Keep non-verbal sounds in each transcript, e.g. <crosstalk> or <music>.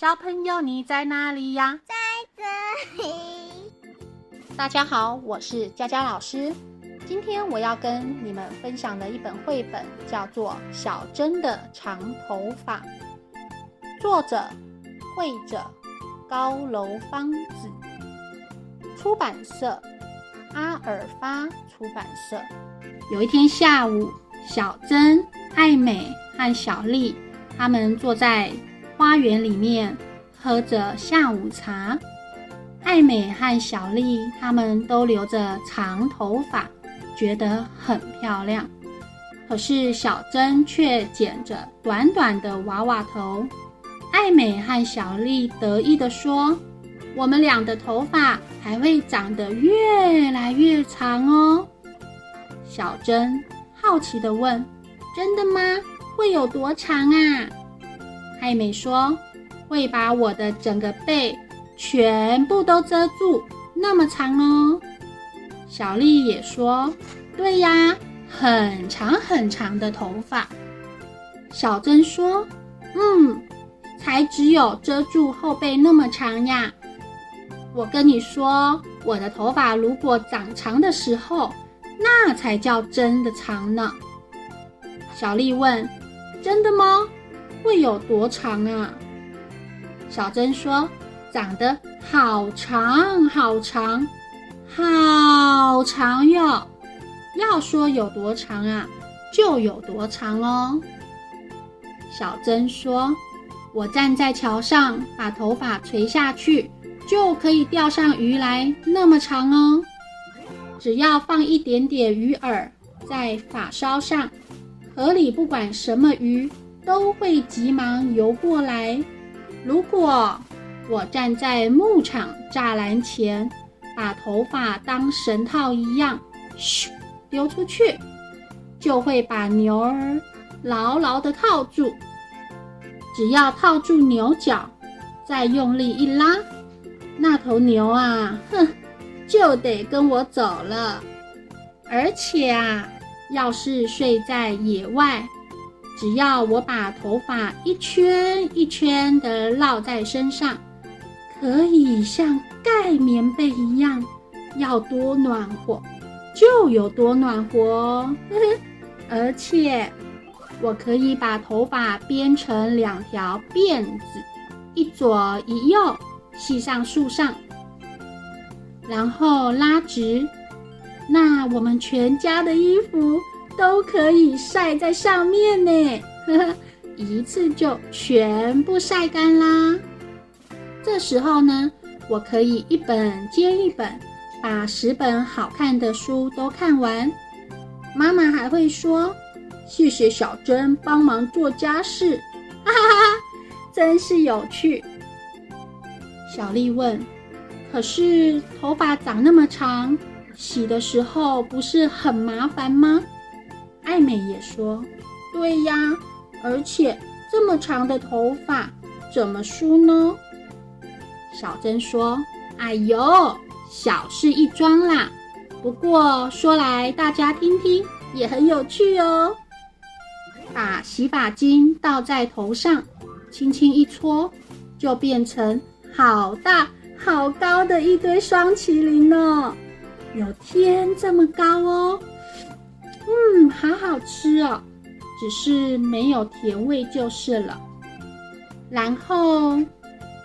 小朋友，你在哪裡呀、啊？在這裡。大家好，我是佳佳老師。今天我要跟你們分享的一本繪本，叫做《小真的長頭髮》，作者、繪者：高樓方子，出版社：阿爾法出版社。有一天下午，小真、愛美和小麗他們坐在花園裡面喝着下午茶，艾美和小麗她們都留着長頭髮，覺得很漂亮。可是小真卻剪着短短的娃娃頭。艾美和小麗得意地說：“我們倆的頭髮還會長得越來越長哦。”小真好奇地問：“真的嗎？會有多長啊？”艾美說：“會把我的整個背全部都遮住，那麼長哦。”小麗也說：“對呀，很長很長的頭髮。”小真說：“嗯，才只有遮住後背那麼長呀。”我跟你說，我的頭髮如果長長的時候，那才叫真的長呢。小麗問：“真的嗎？”會有多長啊？小真說：“長得好長好長，好長喲！要說有多長啊，就有多長哦。”小真說：“我站在橋上，把頭髮垂下去，就可以釣上魚來，那麼長哦！只要放一點點魚餌在髮梢上，河裡不管什麼魚。”都會急忙游過來。如果我站在牧場柵欄前，把頭髮當繩套一樣，咻，丟出去，就會把牛兒牢牢地套住。只要套住牛角，再用力一拉，那頭牛啊，哼，就得跟我走了。而且啊，要是睡在野外，只要我把頭髮一圈一圈地繞在身上，可以像蓋棉被一樣，要多暖和就有多暖和哦，呵呵。而且，我可以把頭髮編成兩條辮子，一左一右繫上樹上，然後拉直。那我們全家的衣服。都可以曬在上面呢，呵呵，一次就全部曬乾啦。這時候呢，我可以一本接一本把十本好看的書都看完。媽媽還會說：“謝謝小真幫忙做家事。”哈哈哈，真是有趣。小麗問：“可是頭髮長那麼長，洗的時候不是很麻煩嗎？”艾美也說：“對呀，而且這麼長的頭髮怎麼梳呢？”小真說：“哎呦，小事一樁啦。不過說來大家聽聽也很有趣哦。把洗髮精倒在頭上，輕輕一搓，就變成好大好高的一堆霜淇淋呢，有天這麼高哦。”嗯，好好吃哦，只是沒有甜味就是了。然後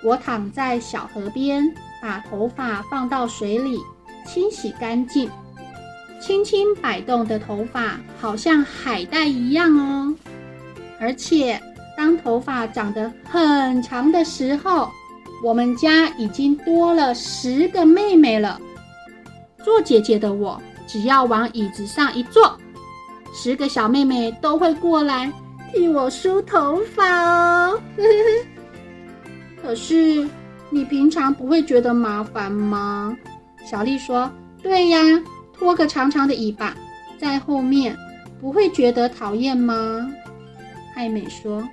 我躺在小河邊，把頭髮放到水裡，清洗乾淨，輕輕擺動的頭髮好像海帶一樣哦。而且當頭髮長得很長的時候，我們家已經多了十個妹妹了。做姐姐的我，只要往椅子上一坐。十個小妹妹都會過來替我梳頭髮哦。呵呵。可是，你平常不會覺得麻煩嗎？小麗說：“對呀，拖個長長的尾巴在後面，不會覺得討厭嗎？”艾美說：“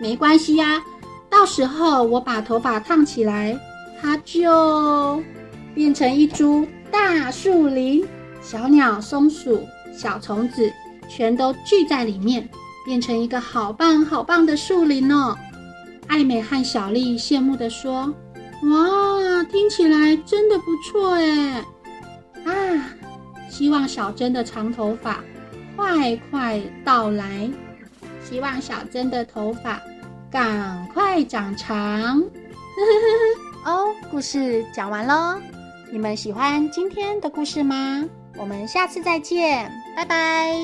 沒關係呀、啊，到時候我把頭髮燙起來，它就變成一株大樹林，小鳥、松鼠、小蟲子。”全都聚在裡面，變成一個好棒好棒的樹林哦！艾美和小麗羨慕地說：“哇，聽起來真的不錯哎！”啊，希望小真的長頭髮快快到來，希望小真的頭髮趕快長長。 <laughs> 哦，故事講完嘍！你們喜歡今天的故事嗎？我們下次再見，拜拜。